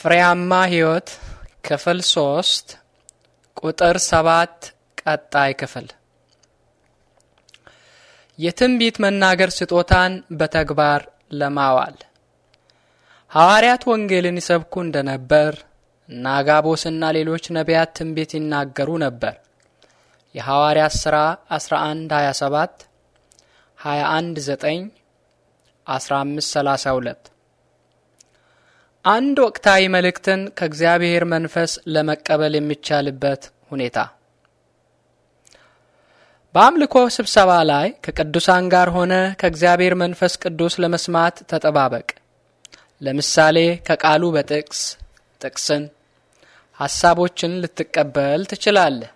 ፍሬያማ ሕይወት ክፍል ሶስት ቁጥር ሰባት ቀጣይ ክፍል የትንቢት መናገር ስጦታን በተግባር ለማዋል ሐዋርያት ወንጌልን ይሰብኩ እንደነበር እና አጋቦስና ሌሎች ነቢያት ትንቢት ይናገሩ ነበር። የሐዋርያት ሥራ 11 27 21 9 15 32 አንድ ወቅታዊ መልእክትን ከእግዚአብሔር መንፈስ ለመቀበል የሚቻልበት ሁኔታ በአምልኮ ስብሰባ ላይ ከቅዱሳን ጋር ሆነ ከእግዚአብሔር መንፈስ ቅዱስ ለመስማት ተጠባበቅ። ለምሳሌ ከቃሉ በጥቅስ ጥቅስን ሐሳቦችን ልትቀበል ትችላለህ።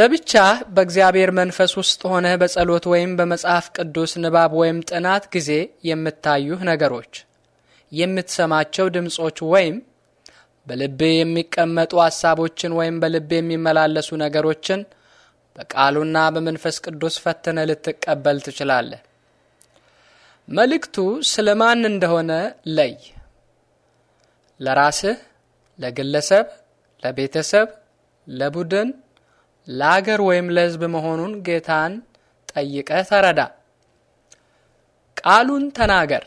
ለብቻ በእግዚአብሔር መንፈስ ውስጥ ሆነ በጸሎት ወይም በመጽሐፍ ቅዱስ ንባብ ወይም ጥናት ጊዜ የምታዩህ ነገሮች የምትሰማቸው ድምጾች ወይም በልብ የሚቀመጡ ሐሳቦችን ወይም በልቤ የሚመላለሱ ነገሮችን በቃሉና በመንፈስ ቅዱስ ፈትነ ልትቀበል ትችላለህ። መልእክቱ ስለ ማን እንደሆነ ለይ። ለራስህ፣ ለግለሰብ፣ ለቤተሰብ፣ ለቡድን፣ ለአገር ወይም ለሕዝብ መሆኑን ጌታን ጠይቀህ ተረዳ። ቃሉን ተናገር።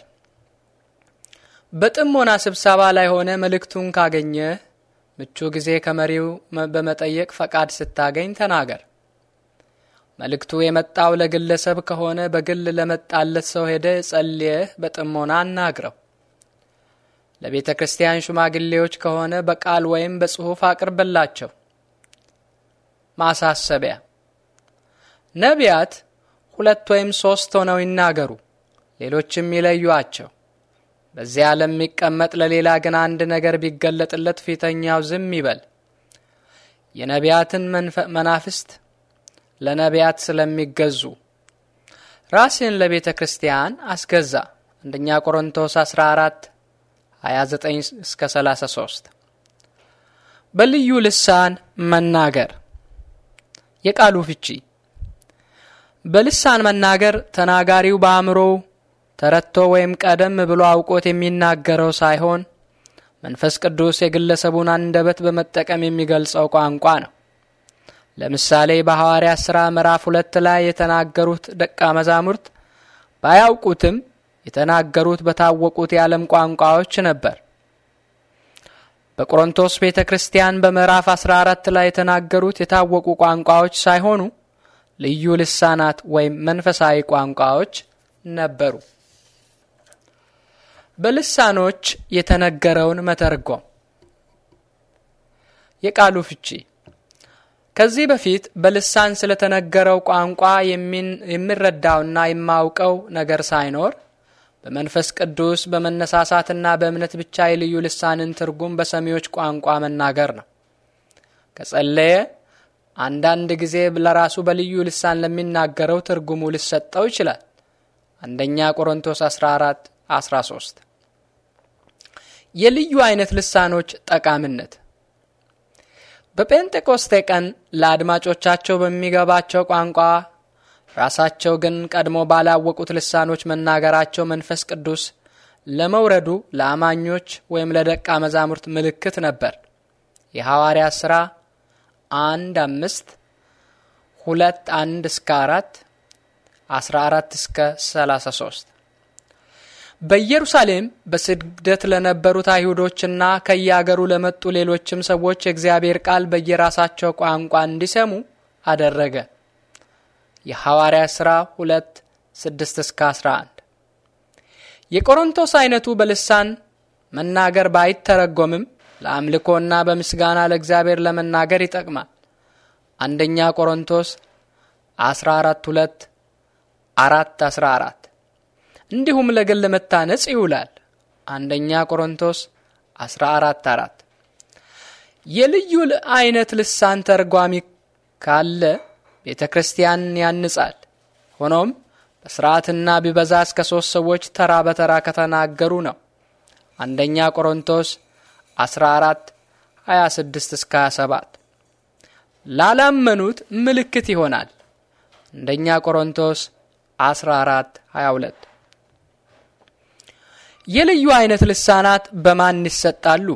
በጥሞና ስብሰባ ላይ ሆነ መልእክቱን ካገኘ ምቹ ጊዜ ከመሪው በመጠየቅ ፈቃድ ስታገኝ ተናገር። መልእክቱ የመጣው ለግለሰብ ከሆነ በግል ለመጣለት ሰው ሄደ ጸልየ በጥሞና አናግረው። ለቤተ ክርስቲያን ሽማግሌዎች ከሆነ በቃል ወይም በጽሑፍ አቅርብላቸው። ማሳሰቢያ ነቢያት ሁለት ወይም ሦስት ሆነው ይናገሩ፣ ሌሎችም ይለዩአቸው። በዚያ ዓለም የሚቀመጥ ለሌላ ግን አንድ ነገር ቢገለጥለት ፊተኛው ዝም ይበል። የነቢያትን መናፍስት ለነቢያት ስለሚገዙ ራሴን ለቤተ ክርስቲያን አስገዛ። አንደኛ ቆሮንቶስ 14 29 እስከ 33 በልዩ ልሳን መናገር የቃሉ ፍቺ በልሳን መናገር ተናጋሪው በአእምሮው ተረቶ ወይም ቀደም ብሎ አውቆት የሚናገረው ሳይሆን መንፈስ ቅዱስ የግለሰቡን አንደበት በመጠቀም የሚገልጸው ቋንቋ ነው። ለምሳሌ በሐዋርያ ሥራ ምዕራፍ ሁለት ላይ የተናገሩት ደቀ መዛሙርት ባያውቁትም የተናገሩት በታወቁት የዓለም ቋንቋዎች ነበር። በቆሮንቶስ ቤተ ክርስቲያን በምዕራፍ 14 ላይ የተናገሩት የታወቁ ቋንቋዎች ሳይሆኑ ልዩ ልሳናት ወይም መንፈሳዊ ቋንቋዎች ነበሩ። በልሳኖች የተነገረውን መተርጎም የቃሉ ፍቺ ከዚህ በፊት በልሳን ስለተነገረው ቋንቋ የሚረዳውና የማውቀው ነገር ሳይኖር በመንፈስ ቅዱስ በመነሳሳትና በእምነት ብቻ የልዩ ልሳንን ትርጉም በሰሚዎች ቋንቋ መናገር ነው። ከጸለየ አንዳንድ ጊዜ ለራሱ በልዩ ልሳን ለሚናገረው ትርጉሙ ሊሰጠው ይችላል። አንደኛ ቆሮንቶስ 14 13 የልዩ አይነት ልሳኖች ጠቃሚነት በጴንጤቆስቴ ቀን ለአድማጮቻቸው በሚገባቸው ቋንቋ ራሳቸው ግን ቀድሞ ባላወቁት ልሳኖች መናገራቸው መንፈስ ቅዱስ ለመውረዱ ለአማኞች ወይም ለደቀ መዛሙርት ምልክት ነበር። የሐዋርያ ሥራ አንድ አምስት ሁለት አንድ እስከ አራት አስራ አራት እስከ ሰላሳ ሶስት በኢየሩሳሌም በስግደት ለነበሩት አይሁዶችና ከየአገሩ ለመጡ ሌሎችም ሰዎች የእግዚአብሔር ቃል በየራሳቸው ቋንቋ እንዲሰሙ አደረገ። የሐዋርያ ሥራ 2 6 እስከ 11 የቆሮንቶስ አይነቱ በልሳን መናገር ባይተረጎምም ለአምልኮና በምስጋና ለእግዚአብሔር ለመናገር ይጠቅማል። አንደኛ ቆሮንቶስ 14 2 4 14 እንዲሁም ለግል መታነጽ ይውላል። አንደኛ ቆሮንቶስ 14፥4 የልዩ አይነት ልሳን ተርጓሚ ካለ ቤተ ክርስቲያን ያንጻል። ሆኖም በስርዓትና ቢበዛ እስከ ሰዎች ተራ በተራ ከተናገሩ ነው። አንደኛ ቆሮንቶስ 14 26 እስከ 27 ላላመኑት ምልክት ይሆናል። አንደኛ ቆሮንቶስ 14 22 የልዩ አይነት ልሳናት በማን ይሰጣሉ?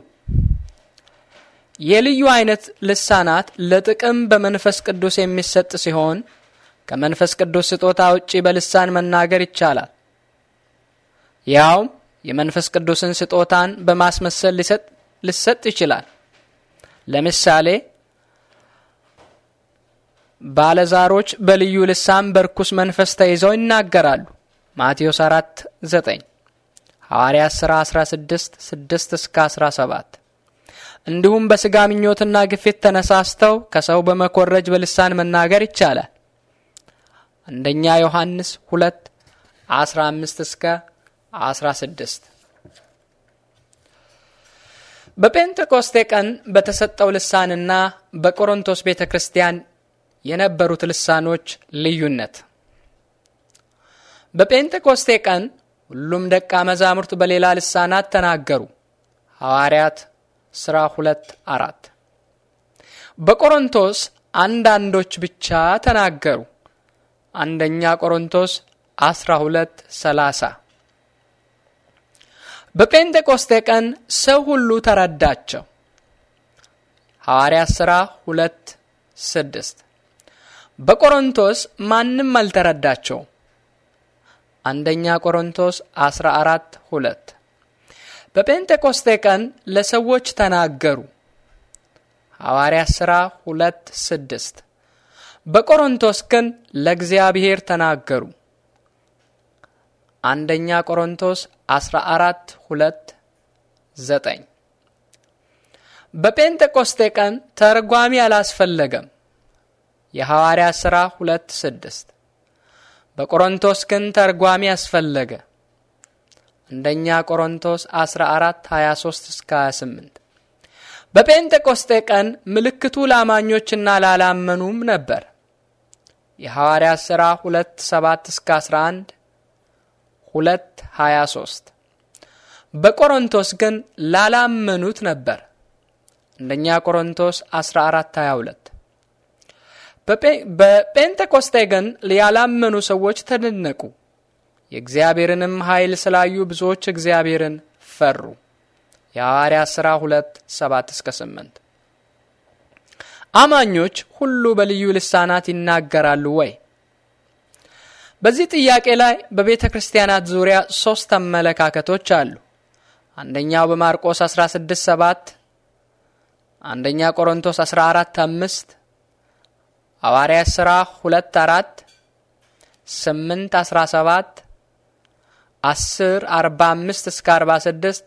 የልዩ አይነት ልሳናት ለጥቅም በመንፈስ ቅዱስ የሚሰጥ ሲሆን ከመንፈስ ቅዱስ ስጦታ ውጪ በልሳን መናገር ይቻላል። ያውም የመንፈስ ቅዱስን ስጦታን በማስመሰል ሊሰጥ ይችላል። ለምሳሌ ባለዛሮች በልዩ ልሳን በርኩስ መንፈስ ተይዘው ይናገራሉ። ማቴዎስ 4 9 ሐዋርያ ሥራ 16 6 እስከ 17 እንዲሁም በሥጋ ምኞትና ግፊት ተነሳስተው ከሰው በመኮረጅ በልሳን መናገር ይቻላል። አንደኛ ዮሐንስ 2 15 እስከ 16 በጴንጤቆስቴ ቀን በተሰጠው ልሳንና በቆሮንቶስ ቤተ ክርስቲያን የነበሩት ልሳኖች ልዩነት በጴንጤቆስቴ ቀን ሁሉም ደቀ መዛሙርት በሌላ ልሳናት ተናገሩ። ሐዋርያት ሥራ ሁለት አራት በቆሮንቶስ አንዳንዶች ብቻ ተናገሩ። አንደኛ ቆሮንቶስ አስራ ሁለት ሰላሳ በጴንጤቆስቴ ቀን ሰው ሁሉ ተረዳቸው። ሐዋርያት ሥራ ሁለት ስድስት በቆሮንቶስ ማንም አልተረዳቸውም። አንደኛ ቆሮንቶስ 14 ሁለት በጴንጤቆስቴ ቀን ለሰዎች ተናገሩ። ሐዋርያ ሥራ ሁለት ስድስት በቆሮንቶስ ግን ለእግዚአብሔር ተናገሩ። አንደኛ ቆሮንቶስ 14 ሁለት ዘጠኝ በጴንጤቆስቴ ቀን ተርጓሚ አላስፈለገም። የሐዋርያ ሥራ ሁለት ስድስት በቆሮንቶስ ግን ተርጓሚ አስፈለገ። አንደኛ ቆሮንቶስ 14 23 እስከ 28። በጴንጤቆስጤ ቀን ምልክቱ ላማኞችና ላላመኑም ነበር። የሐዋርያ ሥራ 2 7 እስከ 11 2 23። በቆሮንቶስ ግን ላላመኑት ነበር። አንደኛ ቆሮንቶስ 14 22 በጴንጤቆስጤ ግን ያላመኑ ሰዎች ተደነቁ። የእግዚአብሔርንም ኃይል ስላዩ ብዙዎች እግዚአብሔርን ፈሩ። የሐዋርያ ሥራ 2 7 እስከ 8 አማኞች ሁሉ በልዩ ልሳናት ይናገራሉ ወይ? በዚህ ጥያቄ ላይ በቤተ ክርስቲያናት ዙሪያ ሦስት አመለካከቶች አሉ። አንደኛው በማርቆስ 16 7፣ አንደኛ ቆሮንቶስ 14 5 ሐዋርያ ሥራ 2 4 8 17 10 45 እስከ 46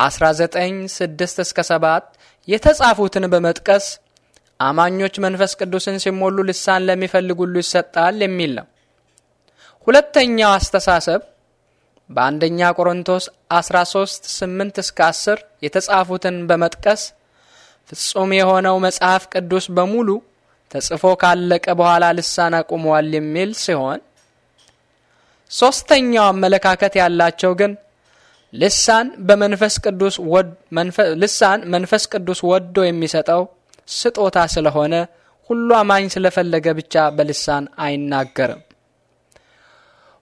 19 6 እስከ 7 የተጻፉትን በመጥቀስ አማኞች መንፈስ ቅዱስን ሲሞሉ ልሳን ለሚፈልግ ሁሉ ይሰጣል የሚል ነው። ሁለተኛው አስተሳሰብ በአንደኛ ቆሮንቶስ 13 8 እስከ 10 የተጻፉትን በመጥቀስ ፍጹም የሆነው መጽሐፍ ቅዱስ በሙሉ ተጽፎ ካለቀ በኋላ ልሳን አቁመዋል የሚል ሲሆን ሶስተኛው አመለካከት ያላቸው ግን ልሳን በመንፈስ ቅዱስ ወድ ልሳን መንፈስ ቅዱስ ወዶ የሚሰጠው ስጦታ ስለሆነ ሁሉ አማኝ ስለፈለገ ብቻ በልሳን አይናገርም፣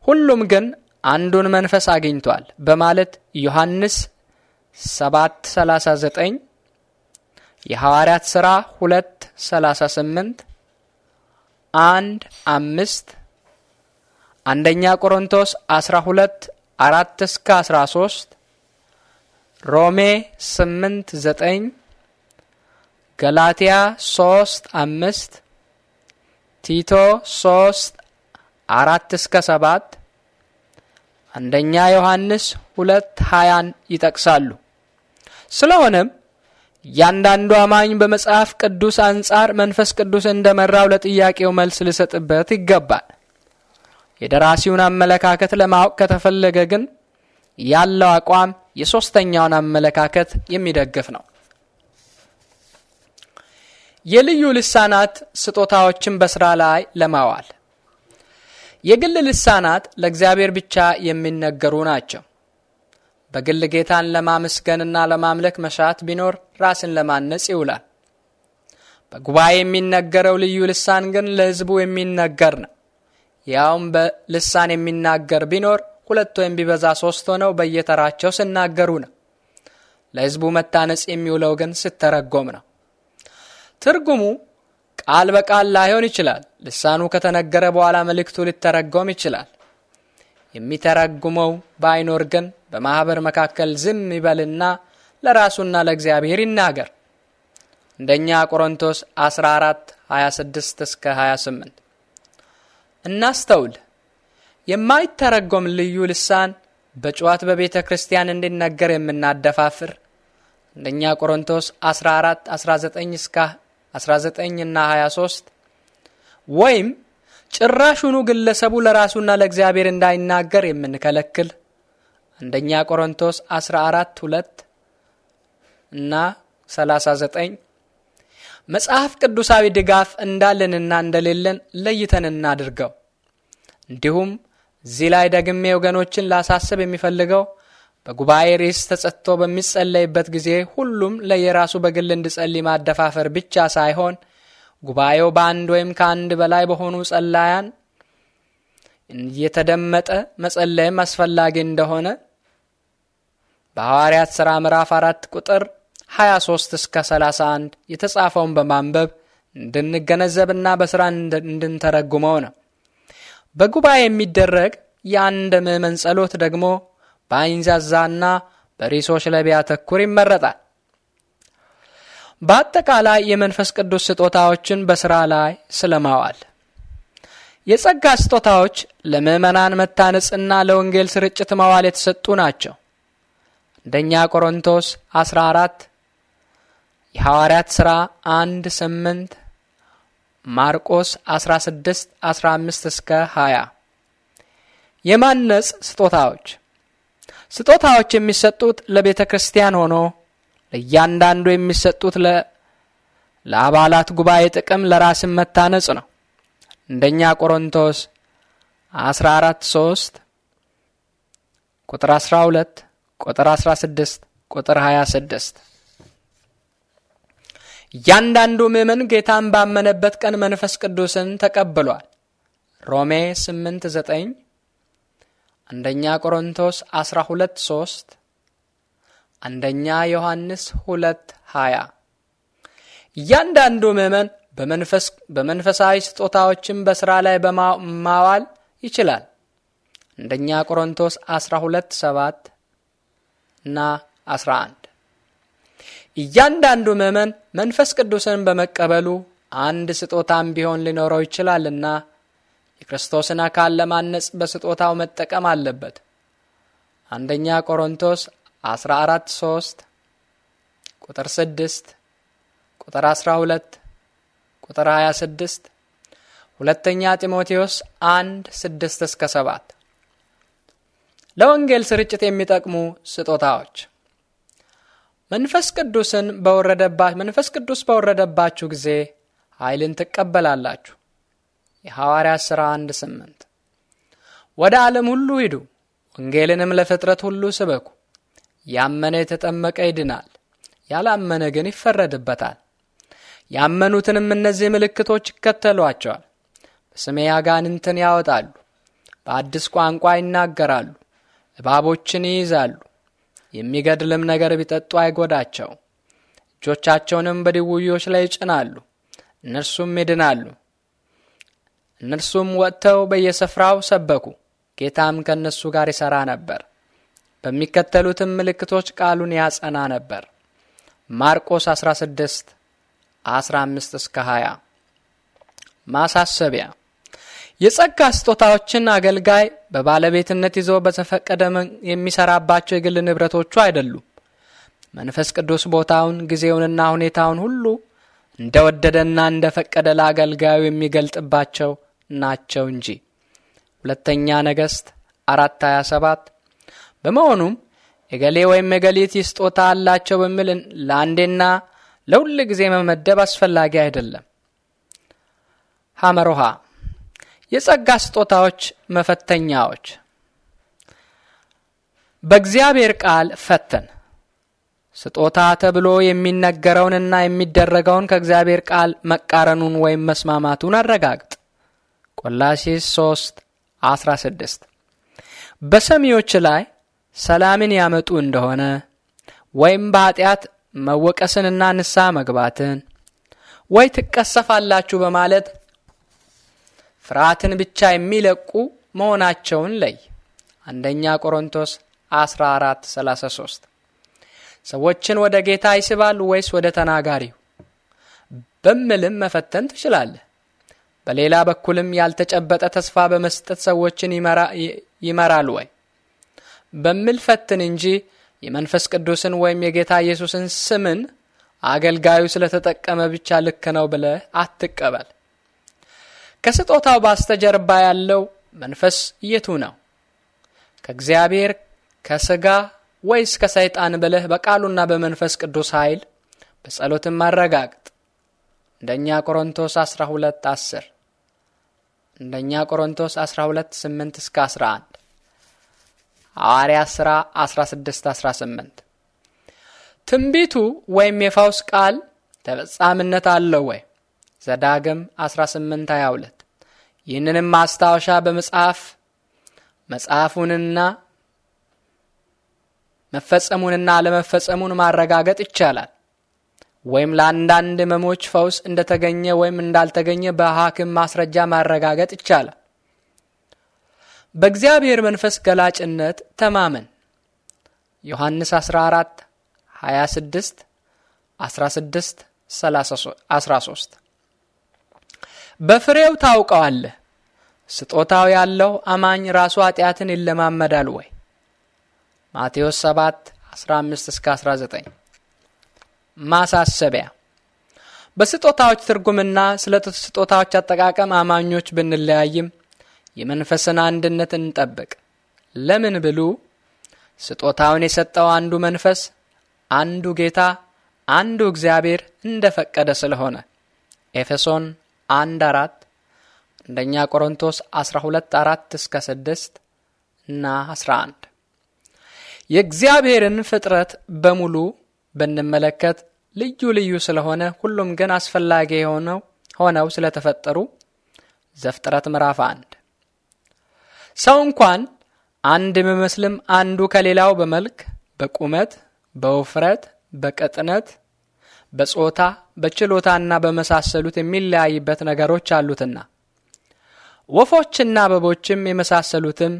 ሁሉም ግን አንዱን መንፈስ አግኝቷል በማለት ዮሐንስ 7 39 የሐዋርያት ሥራ ሁለት 38 1 5 አንደኛ ቆሮንቶስ 12 4 እስከ 13 ሮሜ 8 9 ገላትያ 3 5 ቲቶ 3 4 እስከ ሰባት አንደኛ ዮሐንስ ሁለት ሀያን ይጠቅሳሉ። ስለሆነም እያንዳንዱ አማኝ በመጽሐፍ ቅዱስ አንጻር መንፈስ ቅዱስ እንደመራው ለጥያቄው መልስ ሊሰጥበት ይገባል። የደራሲውን አመለካከት ለማወቅ ከተፈለገ ግን ያለው አቋም የሦስተኛውን አመለካከት የሚደግፍ ነው። የልዩ ልሳናት ስጦታዎችን በሥራ ላይ ለማዋል የግል ልሳናት ለእግዚአብሔር ብቻ የሚነገሩ ናቸው። በግል ጌታን ለማመስገንና ለማምለክ መሻት ቢኖር ራስን ለማነጽ ይውላል። በጉባኤ የሚነገረው ልዩ ልሳን ግን ለሕዝቡ የሚነገር ነው። ያውም በልሳን የሚናገር ቢኖር ሁለት ወይም ቢበዛ ሶስት ሆነው በየተራቸው ሲናገሩ ነው። ለሕዝቡ መታነጽ የሚውለው ግን ሲተረጎም ነው። ትርጉሙ ቃል በቃል ላይሆን ይችላል። ልሳኑ ከተነገረ በኋላ መልእክቱ ሊተረጎም ይችላል። የሚተረጉመው ባይኖር ግን በማኅበር መካከል ዝም ይበልና ለራሱና ለእግዚአብሔር ይናገር። እንደኛ ቆሮንቶስ 14 26 እስከ 28። እናስተውል። የማይተረጎም ልዩ ልሳን በጩኸት በቤተ ክርስቲያን እንዲነገር የምናደፋፍር እንደኛ ቆሮንቶስ 14 19 እስከ 19 እና 23 ወይም ጭራሹኑ ግለሰቡ ለራሱና ለእግዚአብሔር እንዳይናገር የምንከለክል አንደኛ ቆሮንቶስ 14 2 እና 39 መጽሐፍ ቅዱሳዊ ድጋፍ እንዳለንና እንደሌለን ለይተን እናድርገው። እንዲሁም እዚህ ላይ ደግሜ ወገኖችን ላሳስብ የሚፈልገው በጉባኤ ርዕስ ተጸጥቶ በሚጸለይበት ጊዜ ሁሉም ለየራሱ በግል እንዲጸልይ ማደፋፈር ብቻ ሳይሆን ጉባኤው በአንድ ወይም ከአንድ በላይ በሆኑ ጸላያን እየተደመጠ መጸለይም አስፈላጊ እንደሆነ በሐዋርያት ሥራ ምዕራፍ አራት ቁጥር 23 እስከ 31 የተጻፈውን በማንበብ እንድንገነዘብና በሥራ እንድንተረጉመው ነው። በጉባኤ የሚደረግ የአንድ ምዕመን ጸሎት ደግሞ በአይንዛዛና በሪሶች ላይ ቢያተኩር ይመረጣል። በአጠቃላይ የመንፈስ ቅዱስ ስጦታዎችን በሥራ ላይ ስለማዋል የጸጋ ስጦታዎች ለምዕመናን መታነጽና ለወንጌል ስርጭት መዋል የተሰጡ ናቸው። አንደኛ ቆሮንቶስ 14 የሐዋርያት ሥራ 1 8 ማርቆስ 16 15 እስከ 20 የማነጽ ስጦታዎች ስጦታዎች የሚሰጡት ለቤተ ክርስቲያን ሆኖ እያንዳንዱ የሚሰጡት ለአባላት ጉባኤ ጥቅም ለራስን መታነጽ ነው። አንደኛ ቆሮንቶስ 14 3 ቁጥር 12 ቁጥር 16 ቁጥር 26 እያንዳንዱ ምእመን ጌታን ባመነበት ቀን መንፈስ ቅዱስን ተቀብሏል። ሮሜ 8 9 አንደኛ ቆሮንቶስ 12 3 አንደኛ ዮሐንስ 2 20 እያንዳንዱ ምዕመን በመንፈሳዊ ስጦታዎችን በሥራ ላይ በማዋል ይችላል። አንደኛ ቆሮንቶስ 12 7 እና 11 እያንዳንዱ ምዕመን መንፈስ ቅዱስን በመቀበሉ አንድ ስጦታም ቢሆን ሊኖረው ይችላልና የክርስቶስን አካል ለማነጽ በስጦታው መጠቀም አለበት። አንደኛ ቆሮንቶስ አስራ አራት ሶስት ቁጥር ስድስት ቁጥር አስራ ሁለት ቁጥር ሀያ ስድስት ሁለተኛ ጢሞቴዎስ አንድ ስድስት እስከ ሰባት ለወንጌል ስርጭት የሚጠቅሙ ስጦታዎች መንፈስ ቅዱስን በወረደባ መንፈስ ቅዱስ በወረደባችሁ ጊዜ ኃይልን ትቀበላላችሁ። የሐዋርያ ሥራ አንድ ስምንት ወደ ዓለም ሁሉ ሂዱ፣ ወንጌልንም ለፍጥረት ሁሉ ስበኩ ያመነ የተጠመቀ ይድናል፣ ያላመነ ግን ይፈረድበታል። ያመኑትንም እነዚህ ምልክቶች ይከተሏቸዋል። በስሜ አጋንንትን ያወጣሉ፣ በአዲስ ቋንቋ ይናገራሉ፣ እባቦችን ይይዛሉ፣ የሚገድልም ነገር ቢጠጡ አይጎዳቸው። እጆቻቸውንም በድውዮች ላይ ይጭናሉ፣ እነርሱም ይድናሉ። እነርሱም ወጥተው በየስፍራው ሰበኩ። ጌታም ከእነሱ ጋር ይሠራ ነበር። በሚከተሉትም ምልክቶች ቃሉን ያጸና ነበር። ማርቆስ 16 15 እስከ 20 ማሳሰቢያ የጸጋ ስጦታዎችን አገልጋይ በባለቤትነት ይዞ በተፈቀደ የሚሰራባቸው የግል ንብረቶቹ አይደሉም። መንፈስ ቅዱስ ቦታውን፣ ጊዜውንና ሁኔታውን ሁሉ እንደ እንደፈቀደ ለአገልጋዩ የሚገልጥባቸው ናቸው እንጂ ሁለተኛ ነገሥት 427 27 በመሆኑም እገሌ ወይም እገሊት ስጦታ አላቸው በሚል ለአንዴና ለሁል ጊዜ መመደብ አስፈላጊ አይደለም። ሐመሮሃ የጸጋ ስጦታዎች መፈተኛዎች በእግዚአብሔር ቃል ፈተን ስጦታ ተብሎ የሚነገረውንና የሚደረገውን ከእግዚአብሔር ቃል መቃረኑን ወይም መስማማቱን አረጋግጥ። ቆላሲስ 3 16 በሰሚዎች ላይ ሰላምን ያመጡ እንደሆነ ወይም በኃጢአት መወቀስንና ንስሐ መግባትን ወይ ትቀሰፋላችሁ በማለት ፍርሃትን ብቻ የሚለቁ መሆናቸውን ለይ። አንደኛ ቆሮንቶስ 14:33 ሰዎችን ወደ ጌታ ይስባሉ ወይስ ወደ ተናጋሪው በምልም መፈተን ትችላለህ። በሌላ በኩልም ያልተጨበጠ ተስፋ በመስጠት ሰዎችን ይመራል ወይ በምልፈትን እንጂ የመንፈስ ቅዱስን ወይም የጌታ ኢየሱስን ስምን አገልጋዩ ስለተጠቀመ ብቻ ልክ ነው ብለህ አትቀበል። ከስጦታው ባስተጀርባ ያለው መንፈስ የቱ ነው? ከእግዚአብሔር ከሥጋ ወይስ ከሰይጣን ብለህ በቃሉና በመንፈስ ቅዱስ ኃይል በጸሎትም አረጋግጥ። እንደኛ ቆሮንቶስ 12 10 እንደኛ ቆሮንቶስ 12 8 እስከ 11 ሐዋርያ ሥራ 16 18 ትንቢቱ ወይም የፋውስ ቃል ተፈጻሚነት አለው ወይ? ዘዳግም 18 22 ይህንንም ማስታወሻ በመጽሐፍ መጽሐፉንና መፈጸሙንና አለመፈጸሙን ማረጋገጥ ይቻላል። ወይም ለአንዳንድ ህመሞች ፈውስ እንደተገኘ ወይም እንዳልተገኘ በሐኪም ማስረጃ ማረጋገጥ ይቻላል። በእግዚአብሔር መንፈስ ገላጭነት ተማመን። ዮሐንስ 14 26 16 13 በፍሬው ታውቀዋለህ። ስጦታው ያለው አማኝ ራሱ ኃጢአትን ይለማመዳል ወይ? ማቴዎስ 7 15 እስከ 19 ማሳሰቢያ በስጦታዎች ትርጉምና ስለ ስጦታዎች አጠቃቀም አማኞች ብንለያይም የመንፈስን አንድነት እንጠብቅ። ለምን ብሉ ስጦታውን የሰጠው አንዱ መንፈስ፣ አንዱ ጌታ፣ አንዱ እግዚአብሔር እንደ ፈቀደ ስለሆነ ኤፌሶን አንድ አራት አንደኛ ቆሮንቶስ 12 አራት እስከ ስድስት እና 11 የእግዚአብሔርን ፍጥረት በሙሉ ብንመለከት ልዩ ልዩ ስለሆነ ሁሉም ግን አስፈላጊ ሆነው ሆነው ስለተፈጠሩ ዘፍጥረት ምዕራፍ አንድ ሰው እንኳን አንድ ቢመስልም አንዱ ከሌላው በመልክ፣ በቁመት፣ በውፍረት፣ በቅጥነት፣ በጾታ፣ በችሎታና በመሳሰሉት የሚለያይበት ነገሮች አሉትና ወፎችና አበቦችም የመሳሰሉትም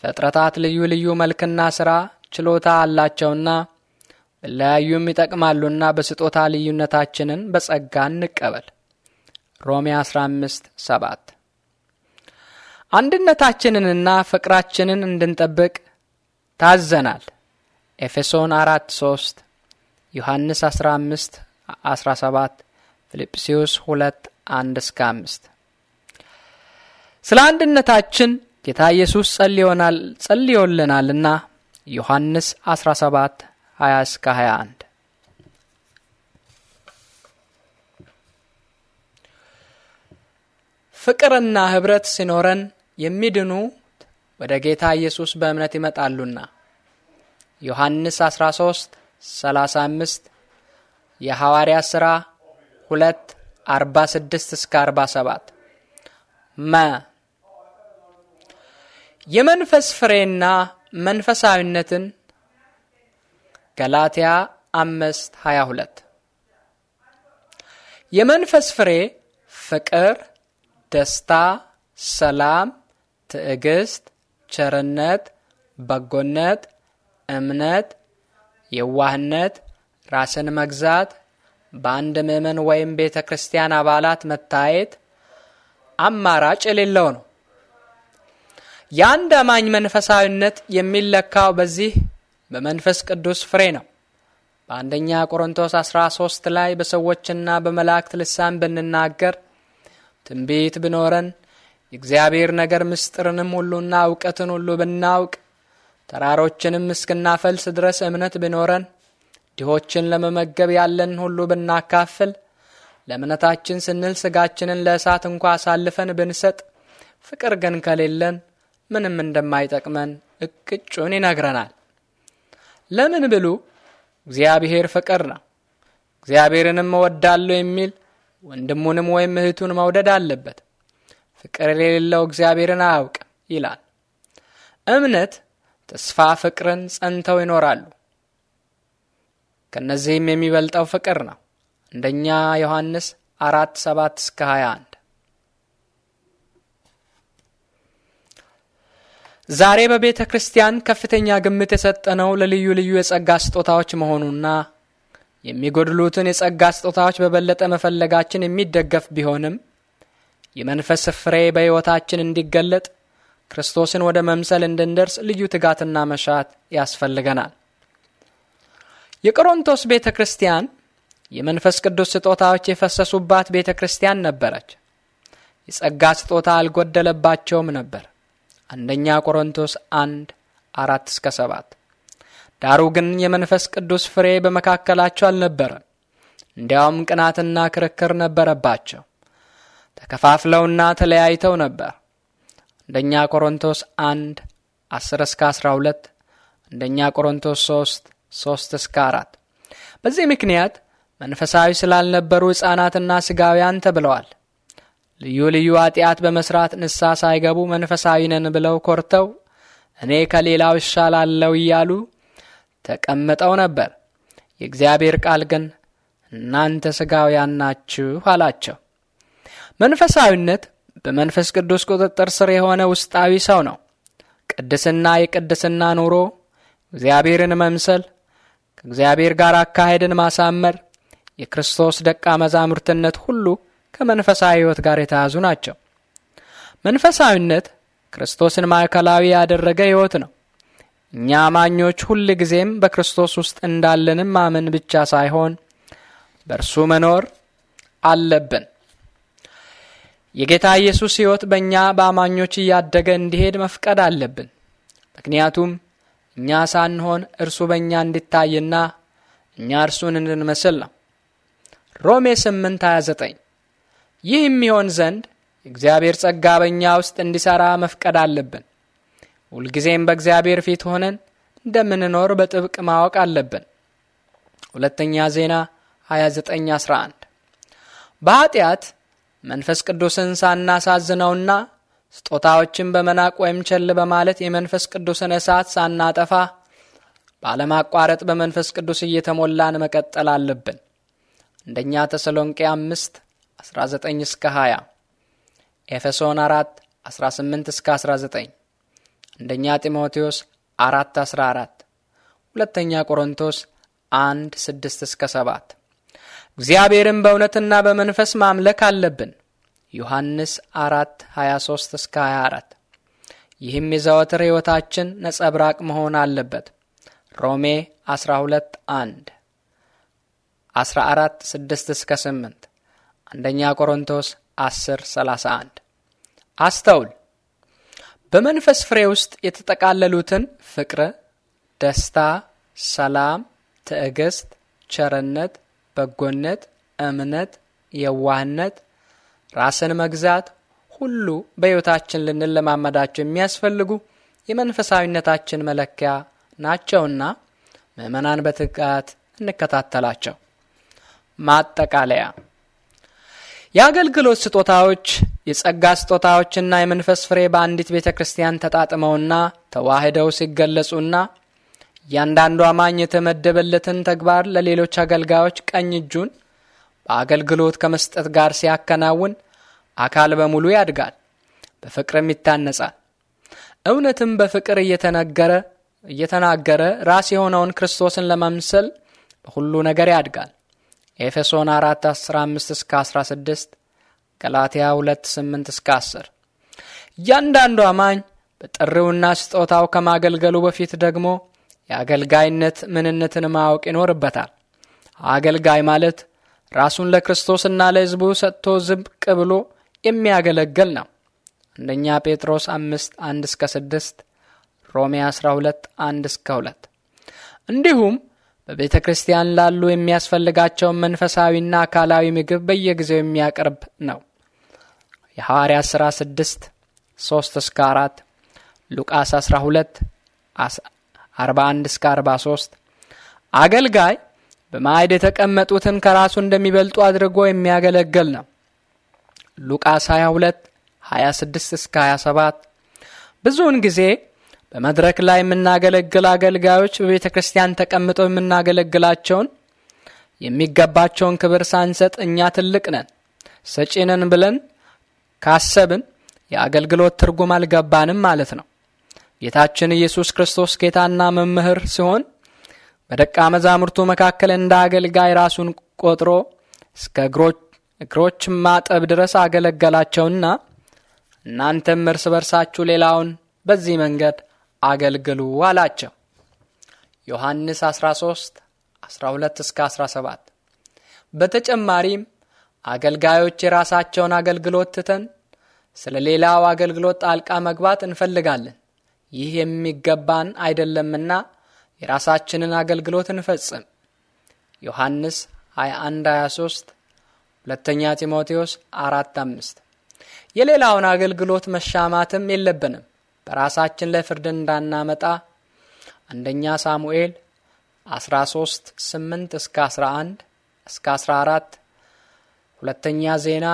ፍጥረታት ልዩ ልዩ መልክና ስራ ችሎታ አላቸውና ለያዩም ይጠቅማሉና በስጦታ ልዩነታችንን በጸጋ እንቀበል። ሮሜ 15 7 አንድነታችንንና ፍቅራችንን እንድንጠብቅ ታዘናል። ኤፌሶን 4 3 ዮሐንስ 15 17 ፊልጵስዩስ 2 1 እስከ 5 ስለ አንድነታችን ጌታ ኢየሱስ ጸልዮናል ጸልዮልናልና ዮሐንስ 17 20 እስከ 21 ፍቅርና ህብረት ሲኖረን የሚድኑት ወደ ጌታ ኢየሱስ በእምነት ይመጣሉና። ዮሐንስ 13 35 የሐዋርያ ሥራ 2 46 እስከ 47 መ የመንፈስ ፍሬና መንፈሳዊነትን ገላትያ 5 22 የመንፈስ ፍሬ ፍቅር፣ ደስታ፣ ሰላም፣ ትዕግስት፣ ቸርነት፣ በጎነት፣ እምነት፣ የዋህነት፣ ራስን መግዛት፣ በአንድ ምእመን ወይም ቤተ ክርስቲያን አባላት መታየት አማራጭ የሌለው ነው። የአንድ አማኝ መንፈሳዊነት የሚለካው በዚህ በመንፈስ ቅዱስ ፍሬ ነው። በአንደኛ ቆሮንቶስ 13 ላይ በሰዎችና በመላእክት ልሳን ብንናገር ትንቢት ብኖረን የእግዚአብሔር ነገር ምስጢርንም ሁሉና እውቀትን ሁሉ ብናውቅ ተራሮችንም እስክናፈልስ ድረስ እምነት ቢኖረን ድሆችን ለመመገብ ያለን ሁሉ ብናካፍል ለእምነታችን ስንል ስጋችንን ለእሳት እንኳ አሳልፈን ብንሰጥ ፍቅር ግን ከሌለን ምንም እንደማይጠቅመን እቅጩን ይነግረናል። ለምን ብሉ እግዚአብሔር ፍቅር ነው። እግዚአብሔርንም እወዳለሁ የሚል ወንድሙንም ወይም እህቱን መውደድ አለበት። ፍቅር የሌለው እግዚአብሔርን አውቅ ይላል። እምነት፣ ተስፋ፣ ፍቅርን ጸንተው ይኖራሉ። ከእነዚህም የሚበልጠው ፍቅር ነው። አንደኛ ዮሐንስ አራት ሰባት እስከ ሀያ አንድ ዛሬ በቤተ ክርስቲያን ከፍተኛ ግምት የሰጠነው ለልዩ ልዩ የጸጋ ስጦታዎች መሆኑና የሚጎድሉትን የጸጋ ስጦታዎች በበለጠ መፈለጋችን የሚደገፍ ቢሆንም የመንፈስ ፍሬ በሕይወታችን እንዲገለጥ ክርስቶስን ወደ መምሰል እንድንደርስ ልዩ ትጋትና መሻት ያስፈልገናል። የቆሮንቶስ ቤተ ክርስቲያን የመንፈስ ቅዱስ ስጦታዎች የፈሰሱባት ቤተ ክርስቲያን ነበረች። የጸጋ ስጦታ አልጎደለባቸውም ነበር። አንደኛ ቆሮንቶስ አንድ አራት እስከ ሰባት ዳሩ ግን የመንፈስ ቅዱስ ፍሬ በመካከላቸው አልነበረም። እንዲያውም ቅናትና ክርክር ነበረባቸው። ተከፋፍለውና ተለያይተው ነበር። አንደኛ ቆሮንቶስ አንድ አስር እስከ አስራ ሁለት አንደኛ ቆሮንቶስ ሶስት ሶስት እስከ አራት በዚህ ምክንያት መንፈሳዊ ስላልነበሩ ሕፃናትና ሥጋውያን ተብለዋል። ልዩ ልዩ ኃጢአት በመስራት ንሳ ሳይገቡ መንፈሳዊ ነን ብለው ኮርተው እኔ ከሌላው ይሻላለው እያሉ ተቀምጠው ነበር። የእግዚአብሔር ቃል ግን እናንተ ሥጋውያን ናችሁ አላቸው። መንፈሳዊነት በመንፈስ ቅዱስ ቁጥጥር ስር የሆነ ውስጣዊ ሰው ነው። ቅድስና የቅድስና ኑሮ፣ እግዚአብሔርን መምሰል፣ ከእግዚአብሔር ጋር አካሄድን ማሳመር፣ የክርስቶስ ደቀ መዛሙርትነት ሁሉ ከመንፈሳዊ ሕይወት ጋር የተያዙ ናቸው። መንፈሳዊነት ክርስቶስን ማዕከላዊ ያደረገ ሕይወት ነው። እኛ አማኞች ሁል ጊዜም በክርስቶስ ውስጥ እንዳለንም ማመን ብቻ ሳይሆን በእርሱ መኖር አለብን። የጌታ ኢየሱስ ሕይወት በእኛ በአማኞች እያደገ እንዲሄድ መፍቀድ አለብን። ምክንያቱም እኛ ሳንሆን እርሱ በእኛ እንዲታይና እኛ እርሱን እንድንመስል ነው። ሮሜ 8:29 ይህ የሚሆን ዘንድ እግዚአብሔር ጸጋ በእኛ ውስጥ እንዲሠራ መፍቀድ አለብን። ሁልጊዜም በእግዚአብሔር ፊት ሆነን እንደምንኖር በጥብቅ ማወቅ አለብን። ሁለተኛ ዜና 29:11 በኃጢአት መንፈስ ቅዱስን ሳናሳዝነውና ስጦታዎችን በመናቅ ወይም ቸል በማለት የመንፈስ ቅዱስን እሳት ሳናጠፋ ባለማቋረጥ በመንፈስ ቅዱስ እየተሞላን መቀጠል አለብን። አንደኛ ተሰሎንቄ አምስት 19 እስከ 20፣ ኤፌሶን 4 18 እስከ 19፣ አንደኛ ጢሞቴዎስ 4 14፣ ሁለተኛ ቆሮንቶስ 1 6 እስከ 7 እግዚአብሔርን በእውነትና በመንፈስ ማምለክ አለብን። ዮሐንስ 4 23 እስከ 24 ይህም የዘወትር ሕይወታችን ነጸብራቅ መሆን አለበት። ሮሜ 12 1 14 6 እስከ 8 አንደኛ ቆሮንቶስ 10 31 አስተውል በመንፈስ ፍሬ ውስጥ የተጠቃለሉትን ፍቅር፣ ደስታ፣ ሰላም፣ ትዕግስት፣ ቸርነት በጎነት፣ እምነት፣ የዋህነት፣ ራስን መግዛት ሁሉ በሕይወታችን ልንለማመዳቸው የሚያስፈልጉ የመንፈሳዊነታችን መለኪያ ናቸውና ምእመናን በትጋት እንከታተላቸው። ማጠቃለያ የአገልግሎት ስጦታዎች፣ የጸጋ ስጦታዎችና የመንፈስ ፍሬ በአንዲት ቤተ ክርስቲያን ተጣጥመውና ተዋህደው ሲገለጹና እያንዳንዱ አማኝ የተመደበለትን ተግባር ለሌሎች አገልጋዮች ቀኝ እጁን በአገልግሎት ከመስጠት ጋር ሲያከናውን አካል በሙሉ ያድጋል፣ በፍቅርም ይታነጻል። እውነትም በፍቅር እየተነገረ እየተናገረ ራስ የሆነውን ክርስቶስን ለመምሰል በሁሉ ነገር ያድጋል። ኤፌሶን 4 15 እስከ 16 ገላትያ 2 8 እስከ 10 እያንዳንዱ አማኝ በጥሪውና ስጦታው ከማገልገሉ በፊት ደግሞ የአገልጋይነት ምንነትን ማወቅ ይኖርበታል። አገልጋይ ማለት ራሱን ለክርስቶስና ለሕዝቡ ሰጥቶ ዝቅ ብሎ የሚያገለግል ነው። አንደኛ ጴጥሮስ አምስት አንድ እስከ ስድስት ሮሜ አስራ ሁለት አንድ እስከ ሁለት እንዲሁም በቤተ ክርስቲያን ላሉ የሚያስፈልጋቸውን መንፈሳዊና አካላዊ ምግብ በየጊዜው የሚያቀርብ ነው። የሐዋርያ ሥራ ስድስት 3 እስከ አራት ሉቃስ አስራ ሁለት 41 እስከ 43 አገልጋይ በማዕድ የተቀመጡትን ከራሱ እንደሚበልጡ አድርጎ የሚያገለግል ነው። ሉቃስ 22 26 እስከ 27 ብዙውን ጊዜ በመድረክ ላይ የምናገለግል አገልጋዮች በቤተ ክርስቲያን ተቀምጠው የምናገለግላቸውን የሚገባቸውን ክብር ሳንሰጥ እኛ ትልቅ ነን ሰጪንን ብለን ካሰብን የአገልግሎት ትርጉም አልገባንም ማለት ነው። ጌታችን ኢየሱስ ክርስቶስ ጌታና መምህር ሲሆን በደቀ መዛሙርቱ መካከል እንደ አገልጋይ ራሱን ቆጥሮ እስከ እግሮች ማጠብ ድረስ አገለገላቸውና እናንተም እርስ በርሳችሁ ሌላውን በዚህ መንገድ አገልግሉ አላቸው። ዮሐንስ 13 12 እስከ 17 በተጨማሪም አገልጋዮች የራሳቸውን አገልግሎት ትተን ስለ ሌላው አገልግሎት ጣልቃ መግባት እንፈልጋለን። ይህ የሚገባን አይደለምና የራሳችንን አገልግሎት እንፈጽም። ዮሐንስ 21 23 ሁለተኛ ጢሞቴዎስ 4 5 የሌላውን አገልግሎት መሻማትም የለብንም በራሳችን ላይ ፍርድን እንዳናመጣ አንደኛ ሳሙኤል 13 8 እስከ 11 እስከ 14 ሁለተኛ ዜና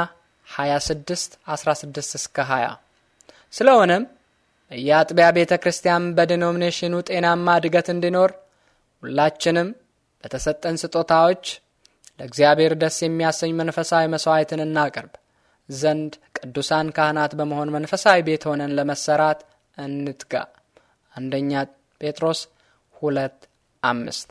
26 16 እስከ 20 ስለሆነም የአጥቢያ ቤተ ክርስቲያን በዲኖሚኔሽኑ ጤናማ እድገት እንዲኖር ሁላችንም በተሰጠን ስጦታዎች ለእግዚአብሔር ደስ የሚያሰኝ መንፈሳዊ መሥዋዕትን እናቅርብ ዘንድ ቅዱሳን ካህናት በመሆን መንፈሳዊ ቤት ሆነን ለመሰራት እንትጋ። አንደኛ ጴጥሮስ ሁለት አምስት